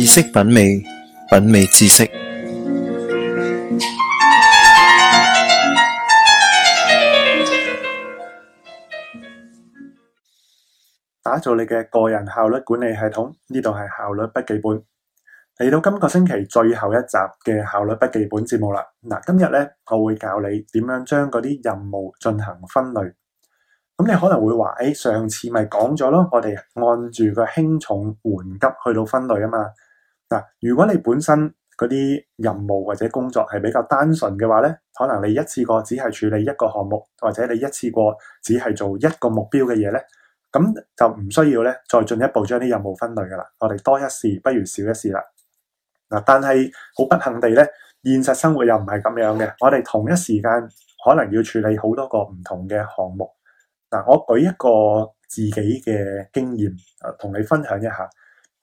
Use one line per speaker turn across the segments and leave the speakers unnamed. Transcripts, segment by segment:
知識品味，品味知識，打造你嘅個人效率管理系統。呢度係效率筆記本。嚟到今個星期最後一集嘅效率筆記本節目啦。嗱，今日呢我會教你點樣將嗰啲任務進行分類。咁你可能會話：誒，上次咪講咗咯，我哋按住個輕重緩急去到分類啊嘛。嗱，如果你本身嗰啲任務或者工作係比較單純嘅話咧，可能你一次過只係處理一個項目，或者你一次過只係做一個目標嘅嘢咧，咁就唔需要咧再進一步將啲任務分類噶啦。我哋多一事不如少一事啦。嗱，但係好不幸地咧，現實生活又唔係咁樣嘅。我哋同一時間可能要處理好多個唔同嘅項目。嗱，我舉一個自己嘅經驗同你分享一下。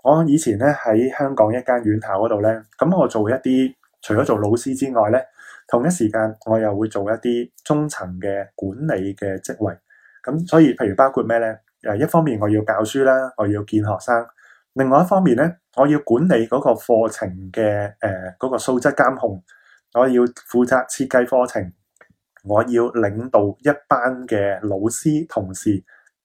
我以前咧喺香港一間院校嗰度咧，咁我做一啲除咗做老師之外咧，同一時間我又會做一啲中層嘅管理嘅職位。咁所以，譬如包括咩咧？誒，一方面我要教書啦，我要見學生；另外一方面咧，我要管理嗰個課程嘅誒嗰個素質監控，我要負責設計課程，我要領導一班嘅老師同事，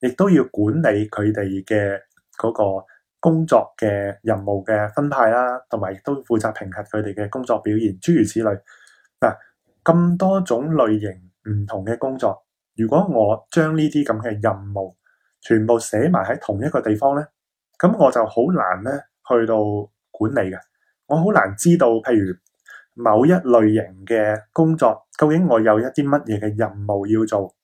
亦都要管理佢哋嘅嗰個工作嘅任務嘅分派啦，同埋亦都負責評核佢哋嘅工作表現，諸如此類嗱。啊，咁多種類型唔同嘅工作，如果我將呢啲咁嘅任務全部寫埋喺同一個地方咧，咁我就好難咧去到管理嘅。我好難知道，譬如某一類型嘅工作，究竟我有一啲乜嘢嘅任務要做。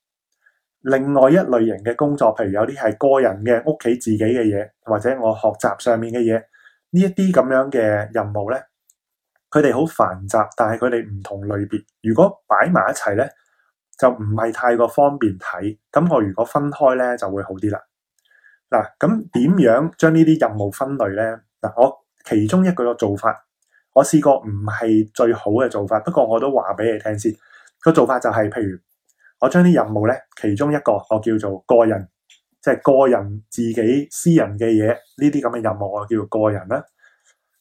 另外一類型嘅工作，譬如有啲係個人嘅屋企自己嘅嘢，或者我學習上面嘅嘢，呢一啲咁樣嘅任務咧，佢哋好繁雜，但係佢哋唔同類別。如果擺埋一齊咧，就唔係太過方便睇。咁我如果分開咧，就會好啲啦。嗱、啊，咁點樣將呢啲任務分類咧？嗱、啊，我其中一個做法，我試過唔係最好嘅做法，不過我都話俾你聽先。個做法就係、是、譬如。我將啲任務咧，其中一個我叫做個人，即係個人自己私人嘅嘢，呢啲咁嘅任務我叫做個人啦。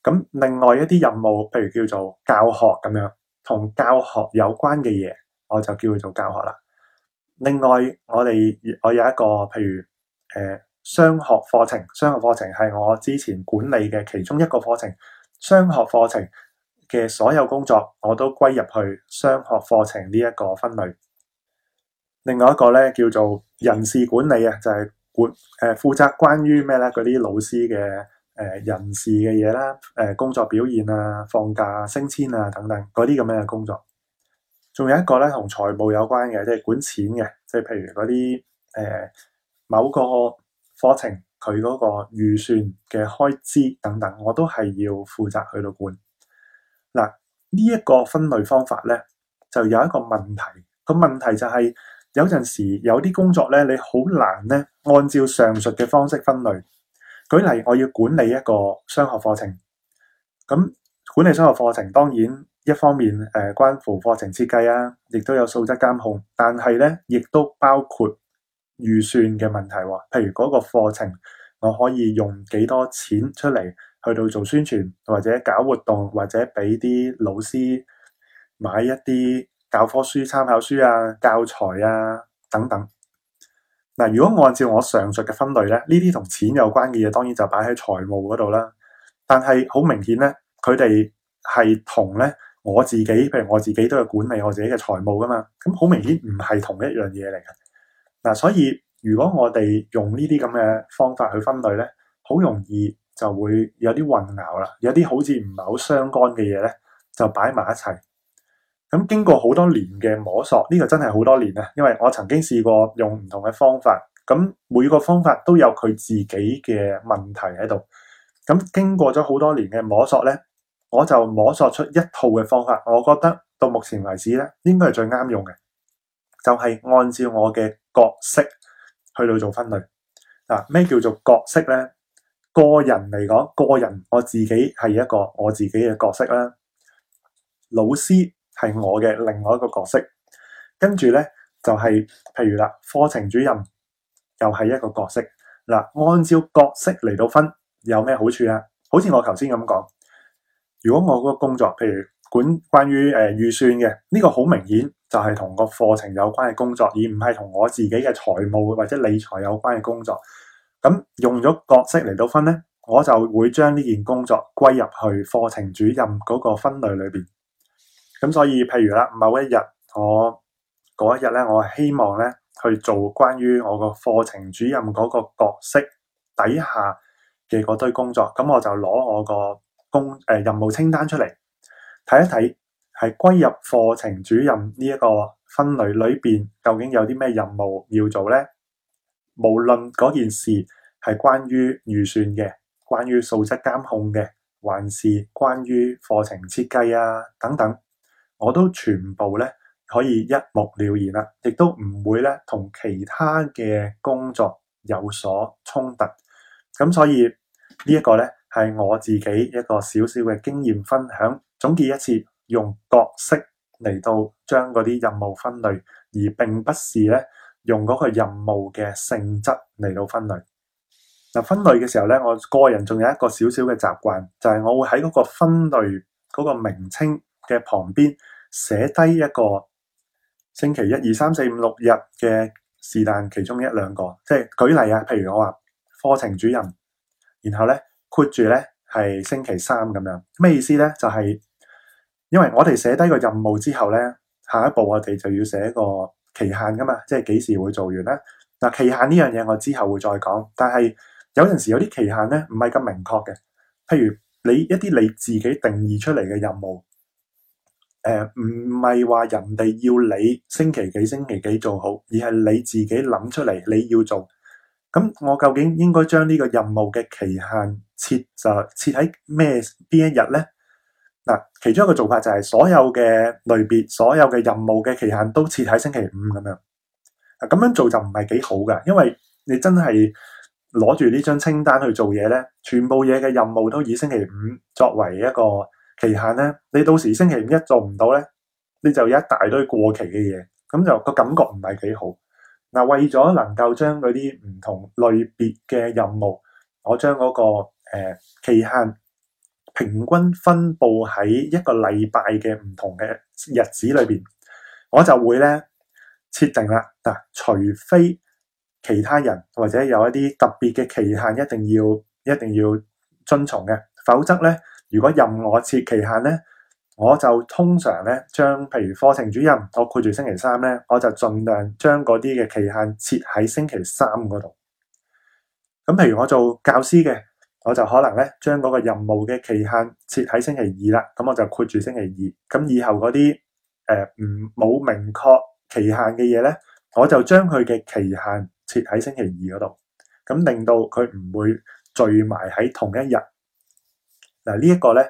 咁另外一啲任務，譬如叫做教學咁樣，同教學有關嘅嘢，我就叫做教學啦。另外，我哋我有一個譬如誒、呃、商學課程，商學課程係我之前管理嘅其中一個課程，商學課程嘅所有工作我都歸入去商學課程呢一個分類。另外一個咧叫做人事管理啊，就係、是、管誒、呃、負責關於咩咧？嗰啲老師嘅誒、呃、人事嘅嘢啦，誒、呃、工作表現啊、放假升遷啊等等嗰啲咁樣嘅工作。仲有一個咧同財務有關嘅，即係管錢嘅，即係譬如嗰啲誒某個課程佢嗰個預算嘅開支等等，我都係要負責去到管。嗱，呢、這、一個分類方法咧，就有一個問題。個問題就係、是。有陣時有啲工作咧，你好難咧，按照上述嘅方式分類。舉例，我要管理一個商學課程。咁管理商學課程，當然一方面誒關乎課程設計啊，亦都有素質監控，但係咧亦都包括預算嘅問題。譬如嗰個課程，我可以用幾多錢出嚟去到做宣傳，或者搞活動，或者俾啲老師買一啲。教科書、參考書啊、教材啊等等。嗱，如果按照我上述嘅分類咧，呢啲同錢有關嘅嘢，當然就擺喺財務嗰度啦。但係好明顯咧，佢哋係同咧我自己，譬如我自己都要管理我自己嘅財務噶嘛。咁好明顯唔係同一樣嘢嚟嘅。嗱，所以如果我哋用呢啲咁嘅方法去分類咧，好容易就會有啲混淆啦。有啲好似唔係好相干嘅嘢咧，就擺埋一齊。咁經過好多年嘅摸索，呢個真係好多年啦！因為我曾經試過用唔同嘅方法，咁每個方法都有佢自己嘅問題喺度。咁經過咗好多年嘅摸索咧，我就摸索出一套嘅方法，我覺得到目前為止咧，應該係最啱用嘅，就係按照我嘅角色去去做分類。嗱，咩叫做角色咧？個人嚟講，個人我自己係一個我自己嘅角色啦，老師係我嘅另外一個角色，跟住咧就係、是、譬如啦，課程主任又係一個角色。嗱，按照角色嚟到分，有咩好處啊？好似我頭先咁講，如果我嗰個工作，譬如管關，關於誒預算嘅，呢、這個好明顯就係同個課程有關嘅工作，而唔係同我自己嘅財務或者理財有關嘅工作。咁用咗角色嚟到分咧，我就會將呢件工作歸入去課程主任嗰個分類裏邊。咁所以，譬如啦，某一日我嗰一日咧，我希望咧去做關於我個課程主任嗰個角色底下嘅嗰堆工作，咁我就攞我個工誒任務清單出嚟睇一睇，係歸入課程主任呢一個分類裏邊，究竟有啲咩任務要做咧？無論嗰件事係關於預算嘅，關於素質監控嘅，還是關於課程設計啊等等。我都全部咧可以一目了然啦，亦都唔會咧同其他嘅工作有所衝突。咁所以呢一個咧係我自己一個少少嘅經驗分享，總結一次用角色嚟到將嗰啲任務分類，而並不是咧用嗰個任務嘅性質嚟到分類。嗱，分類嘅時候咧，我個人仲有一個少少嘅習慣，就係我會喺嗰個分類嗰個名稱嘅旁邊寫低一個星期一二三四五六日嘅是但其中一兩個，即係舉例啊。譬如我話課程主任，然後咧括住咧係星期三咁樣。咩意思咧？就係因為我哋寫低個任務之後咧，下一步我哋就要寫個期限噶嘛，即係幾時會做完啦。嗱，期限呢樣嘢我之後會再講。但係有陣時有啲期限咧唔係咁明確嘅，譬如你一啲你自己定義出嚟嘅任務。誒，唔係話人哋要你星期幾星期幾做好，而係你自己諗出嚟，你要做。咁我究竟應該將呢個任務嘅期限設就設喺咩邊一日咧？嗱，其中一個做法就係所有嘅類別、所有嘅任務嘅期限都設喺星期五咁樣。啊，咁樣做就唔係幾好㗎，因為你真係攞住呢張清單去做嘢咧，全部嘢嘅任務都以星期五作為一個，期限咧，你到時星期五一做唔到咧，你就有一大堆過期嘅嘢，咁就個感覺唔係幾好。嗱，為咗能夠將嗰啲唔同類別嘅任務，我將嗰個誒期限平均分佈喺一個禮拜嘅唔同嘅日子裏邊，我就會咧設定啦。嗱，除非其他人或者有一啲特別嘅期限一定要一定要遵從嘅，否則咧。如果任我設期限咧，我就通常咧將譬如課程主任，我括住星期三咧，我就盡量將嗰啲嘅期限設喺星期三嗰度。咁譬如我做教師嘅，我就可能咧將嗰個任務嘅期限設喺星期二啦。咁我就括住星期二。咁以後嗰啲誒唔冇明確期限嘅嘢咧，我就將佢嘅期限設喺星期二嗰度，咁令到佢唔會聚埋喺同一日。嗱，呢一個咧，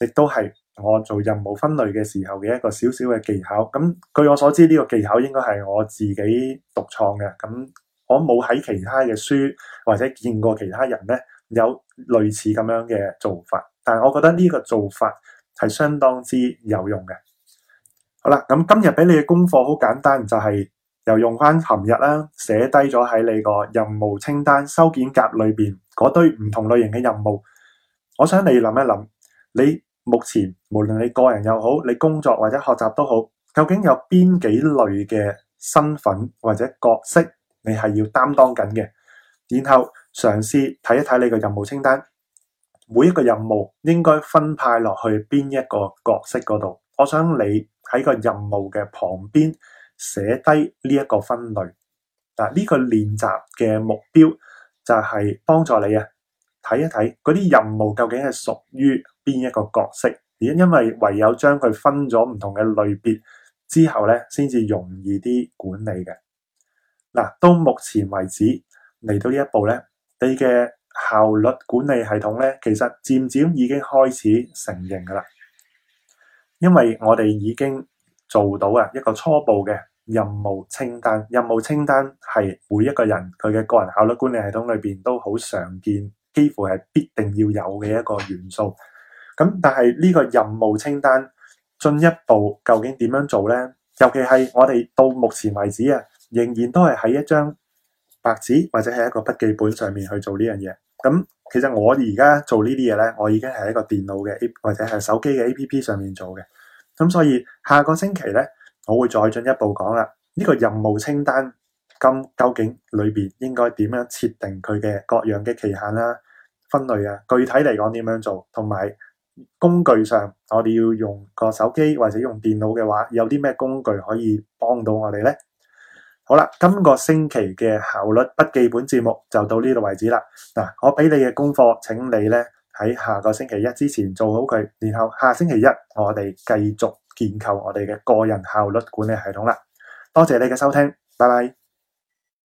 亦都係我做任務分類嘅時候嘅一個少少嘅技巧。咁據我所知，呢個技巧應該係我自己獨創嘅。咁我冇喺其他嘅書或者見過其他人咧有類似咁樣嘅做法。但係我覺得呢個做法係相當之有用嘅。好啦，咁今日俾你嘅功課好簡單，就係又用返尋日啦，寫低咗喺你個任務清單收件夾裏邊嗰堆唔同類型嘅任務。我想你諗一諗，你目前無論你個人又好，你工作或者學習都好，究竟有邊幾類嘅身份或者角色，你係要擔當緊嘅？然後嘗試睇一睇你嘅任務清單，每一個任務應該分派落去邊一個角色嗰度。我想你喺個任務嘅旁邊寫低呢一個分類。嗱，呢個練習嘅目標就係幫助你啊。睇一睇嗰啲任務究竟係屬於邊一個角色，而因為唯有將佢分咗唔同嘅類別之後咧，先至容易啲管理嘅。嗱，到目前為止嚟到呢一步咧，你嘅效率管理系統咧，其實漸漸已經開始成形噶啦，因為我哋已經做到啊一個初步嘅任務清單。任務清單係每一個人佢嘅個人效率管理系統裏邊都好常見。幾乎係必定要有嘅一個元素，咁但係呢個任務清單進一步究竟點樣做呢？尤其係我哋到目前為止啊，仍然都係喺一張白紙或者係一個筆記本上面去做呢樣嘢。咁其實我而家做呢啲嘢呢，我已經係一個電腦嘅或者係手機嘅 App 上面做嘅。咁所以下個星期呢，我會再進一步講啦，呢個任務清單。咁究竟裏邊應該點樣設定佢嘅各樣嘅期限啦、分類啊？具體嚟講，點樣做？同埋工具上，我哋要用個手機或者用電腦嘅話，有啲咩工具可以幫到我哋呢？好啦，今個星期嘅效率筆記本節目就到呢度為止啦。嗱，我俾你嘅功課，請你呢，喺下個星期一之前做好佢，然後下星期一我哋繼續建構我哋嘅個人效率管理系統啦。多謝你嘅收聽，拜拜。